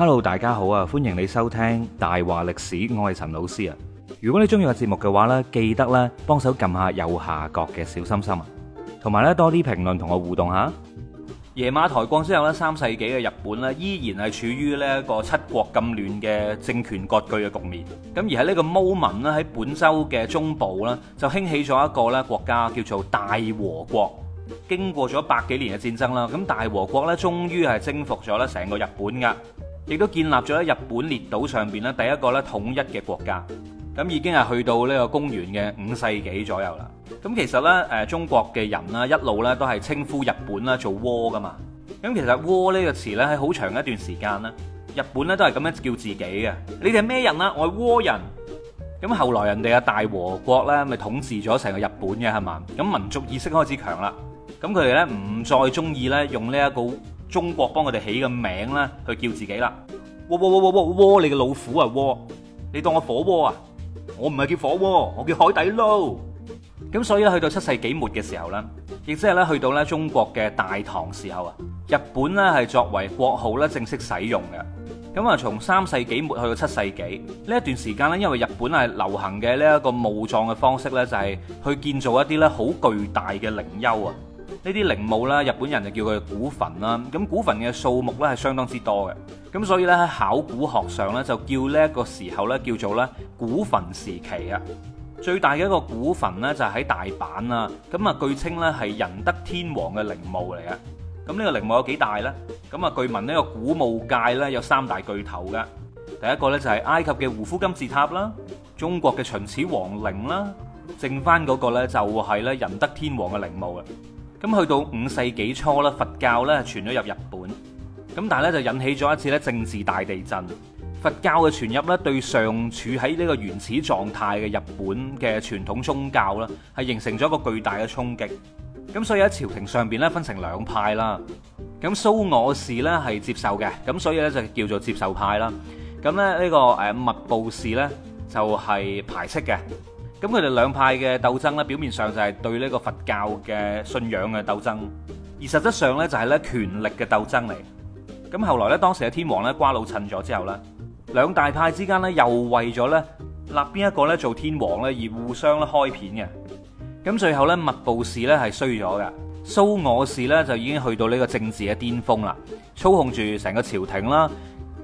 Hello，大家好啊！歡迎你收聽大話歷史，我係陳老師啊。如果你中意個節目嘅話呢，記得呢幫手撳下右下角嘅小心心啊，同埋呢多啲評論同我互動下。邪馬台國之後呢，三世紀嘅日本呢依然係處於呢一個七國咁亂嘅政權割據嘅局面。咁而喺呢個 moment 呢喺本州嘅中部呢，就興起咗一個呢國家叫做大和國。經過咗百幾年嘅戰爭啦，咁大和國呢終於係征服咗呢成個日本噶。亦都建立咗喺日本列島上面咧，第一個咧統一嘅國家，咁已經係去到呢個公元嘅五世紀左右啦。咁其實呢，中國嘅人呢，一路呢都係稱呼日本啦做倭噶嘛。咁其實倭呢個詞呢，喺好長一段時間呢日本呢都係咁樣叫自己嘅。你哋係咩人啦？我係倭人。咁後來人哋嘅大和國呢咪統治咗成個日本嘅係嘛？咁民族意識開始強啦。咁佢哋呢，唔再中意呢用呢一個。中國幫佢哋起個名啦，去叫自己啦。鍋鍋鍋鍋鍋鍋，你個老虎啊鍋！你當我火鍋啊？我唔係叫火鍋，我叫海底撈。咁所以去到七世紀末嘅時候啦，亦即係咧去到咧中國嘅大唐時候啊，日本咧係作為國號咧正式使用嘅。咁啊，從三世紀末去到七世紀呢一段時間咧，因為日本係流行嘅呢一個墓葬嘅方式咧，就係去建造一啲咧好巨大嘅陵丘啊。呢啲陵墓啦，日本人就叫佢古墳啦。咁古墳嘅數目咧係相當之多嘅，咁所以咧喺考古學上咧就叫呢一個時候咧叫做咧古墳時期啊。最大嘅一個古墳咧就喺大阪啦，咁啊據稱咧係仁德天皇嘅陵墓嚟嘅。咁呢個陵墓有幾大咧？咁啊據聞呢個古墓界咧有三大巨頭噶，第一個咧就係埃及嘅胡夫金字塔啦，中國嘅秦始皇陵啦，剩翻嗰個咧就係咧仁德天皇嘅陵墓啦。咁去到五世紀初啦，佛教咧傳咗入日本，咁但係咧就引起咗一次咧政治大地震。佛教嘅傳入咧對尚處喺呢個原始狀態嘅日本嘅傳統宗教啦，係形成咗一個巨大嘅衝擊。咁所以喺朝廷上面咧分成兩派啦。咁蘇我氏咧係接受嘅，咁所以咧就叫做接受派啦。咁咧呢個物部氏咧就係排斥嘅。咁佢哋兩派嘅鬥爭咧，表面上就係對呢個佛教嘅信仰嘅鬥爭，而實質上咧就係咧權力嘅鬥爭嚟。咁後來咧，當時嘅天王皇咧，瓜老襯咗之後咧，兩大派之間咧又為咗咧立邊一個咧做天皇咧而互相咧開片嘅。咁最後咧，物部氏咧係衰咗嘅，蘇我氏咧就已經去到呢個政治嘅巔峰啦，操控住成個朝廷啦。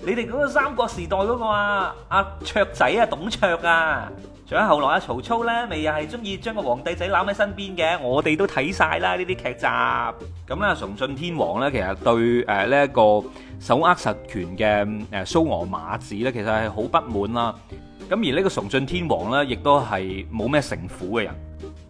你哋講個三國時代嗰個啊阿、啊、卓仔啊，董卓啊，仲有後來阿曹操呢，咪又係中意將個皇帝仔攬喺身邊嘅，我哋都睇晒啦呢啲劇集。咁呢，崇峻天皇呢，其實對呢一、呃這個手握實權嘅誒、呃、蘇我馬子呢，其實係好不滿啦。咁而呢個崇峻天皇呢，亦都係冇咩城府嘅人。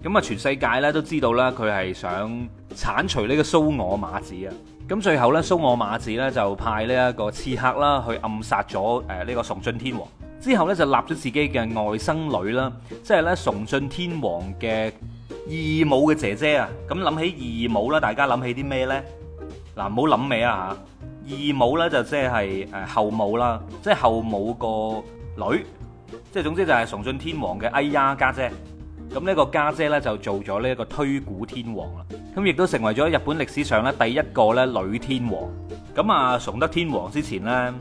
咁啊，全世界呢都知道啦，佢係想剷除呢個蘇我馬子啊。咁最後咧，蘇我馬子咧就派呢一個刺客啦，去暗殺咗誒呢個崇峻天皇。之後咧就立咗自己嘅外甥女啦，即係咧崇峻天皇嘅義母嘅姐姐啊。咁諗起義母啦，大家諗起啲咩咧？嗱，唔好諗尾啊嚇！義母咧就即係誒後母啦，即係後母個女，即係總之就係崇峻天皇嘅哎呀家姐。咁、這、呢個家姐呢，就做咗呢一個推古天皇啦，咁亦都成為咗日本歷史上咧第一個咧女天皇。咁啊崇德天皇之前呢，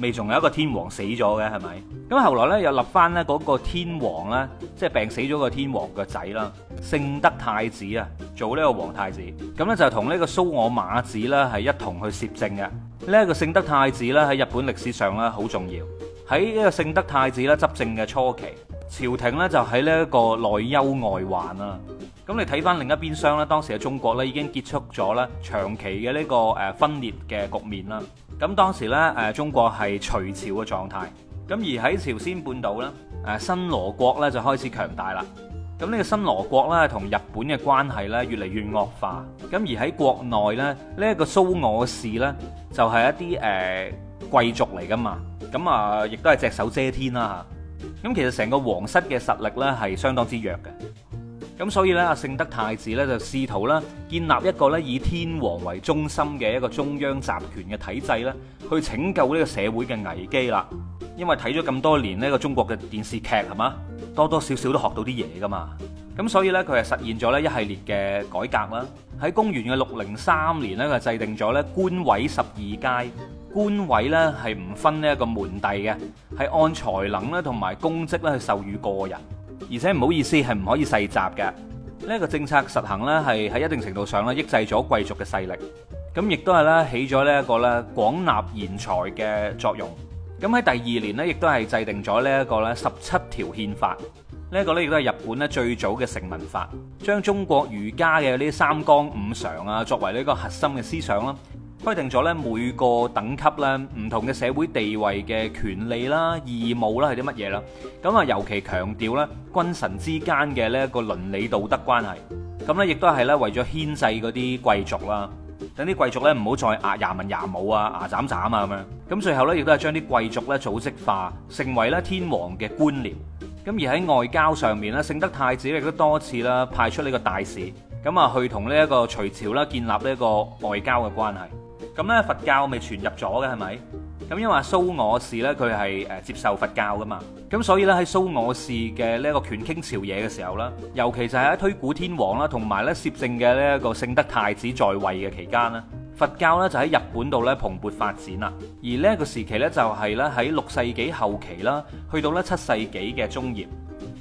未仲有，有一個天皇死咗嘅係咪？咁後來呢，又立翻呢嗰個天皇啦，即係病死咗個天皇嘅仔啦，聖德太子啊做呢個皇太子，咁呢就同呢個蘇我馬子啦係一同去攝政嘅。呢、這個、一個聖德太子咧喺日本歷史上咧好重要，喺呢個聖德太子咧執政嘅初期，朝廷咧就喺呢一個內憂外患啊，咁你睇翻另一邊廂咧，當時嘅中國咧已經結束咗咧長期嘅呢個誒分裂嘅局面啦。咁當時咧誒中國係隋朝嘅狀態，咁而喺朝鮮半島咧誒新羅國咧就開始強大啦。咁呢個新羅國咧同日本嘅關係咧越嚟越惡化，咁而喺國內咧呢一個蘇我氏咧就係一啲誒、呃、貴族嚟噶嘛，咁啊亦都係隻手遮天啦、吓。咁其實成個皇室嘅實力咧係相當之弱嘅，咁所以呢，阿聖德太子呢就試圖啦建立一個咧以天皇為中心嘅一個中央集權嘅體制咧，去拯救呢個社會嘅危機啦。因為睇咗咁多年呢個中國嘅電視劇係嘛，多多少少都學到啲嘢噶嘛。咁所以呢，佢係實現咗呢一系列嘅改革啦。喺公元嘅六零三年呢，佢係制定咗咧官位十二階。官位咧係唔分呢一個門第嘅，係按才能咧同埋功績咧去授予個人，而且唔好意思係唔可以世襲嘅。呢、這、一個政策實行咧係喺一定程度上咧抑制咗貴族嘅勢力，咁亦都係咧起咗呢一個咧廣納賢才嘅作用。咁喺第二年咧，亦都係制定咗呢一個咧十七條憲法，呢、這、一個咧亦都係日本咧最早嘅成文法，將中國儒家嘅呢三綱五常啊作為呢一個核心嘅思想啦。規定咗咧每個等級咧唔同嘅社會地位嘅權利啦、義務啦係啲乜嘢啦？咁啊尤其強調咧君臣之間嘅呢一個倫理道德關係。咁咧亦都係咧為咗牽制嗰啲貴族啦，等啲貴族咧唔好再壓牙文、牙武啊、牙斬斬啊咁樣。咁最後咧亦都係將啲貴族咧組織化，成為咧天皇嘅官僚。咁而喺外交上面咧，聖德太子亦都多次啦派出呢個大使，咁啊去同呢一個隋朝啦建立呢一個外交嘅關係。咁咧佛教咪傳入咗嘅係咪？咁因為蘇我氏咧佢係誒接受佛教噶嘛，咁所以咧喺蘇我氏嘅呢一個權傾朝野嘅時候啦，尤其就係喺推古天皇啦，同埋咧攝政嘅呢一個聖德太子在位嘅期間啦，佛教咧就喺日本度咧蓬勃發展啦。而呢一個時期咧就係咧喺六世紀後期啦，去到咧七世紀嘅中葉，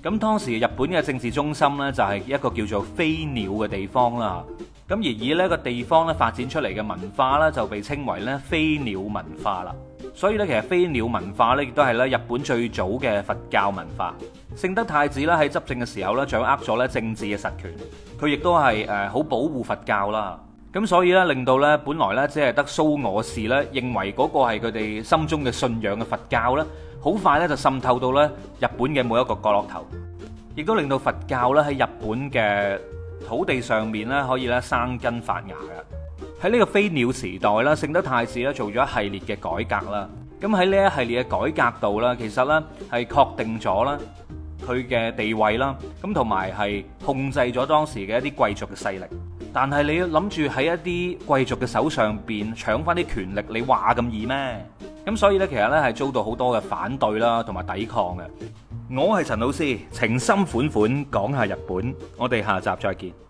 咁當時日本嘅政治中心咧就係一個叫做飛鳥嘅地方啦。咁而以呢個地方咧發展出嚟嘅文化咧，就被稱為咧飛鳥文化啦。所以咧，其實飛鳥文化咧亦都係咧日本最早嘅佛教文化。聖德太子咧喺執政嘅時候咧，掌握咗咧政治嘅實權，佢亦都係誒好保護佛教啦。咁所以咧，令到咧本來咧只係得蘇我氏咧認為嗰個係佢哋心中嘅信仰嘅佛教咧，好快咧就滲透到咧日本嘅每一個角落頭，亦都令到佛教咧喺日本嘅土地上面咧可以咧生根發芽嘅。喺呢個飛鳥時代啦，聖德太子咧做咗一系列嘅改革啦。咁喺呢一系列嘅改革度啦，其實咧係確定咗啦佢嘅地位啦，咁同埋係控制咗當時嘅一啲貴族嘅勢力。但係你要諗住喺一啲貴族嘅手上邊搶返啲權力，你話咁易咩？咁所以咧，其實咧係遭到好多嘅反對啦，同埋抵抗嘅。我係陳老師，情深款款講下日本，我哋下集再見。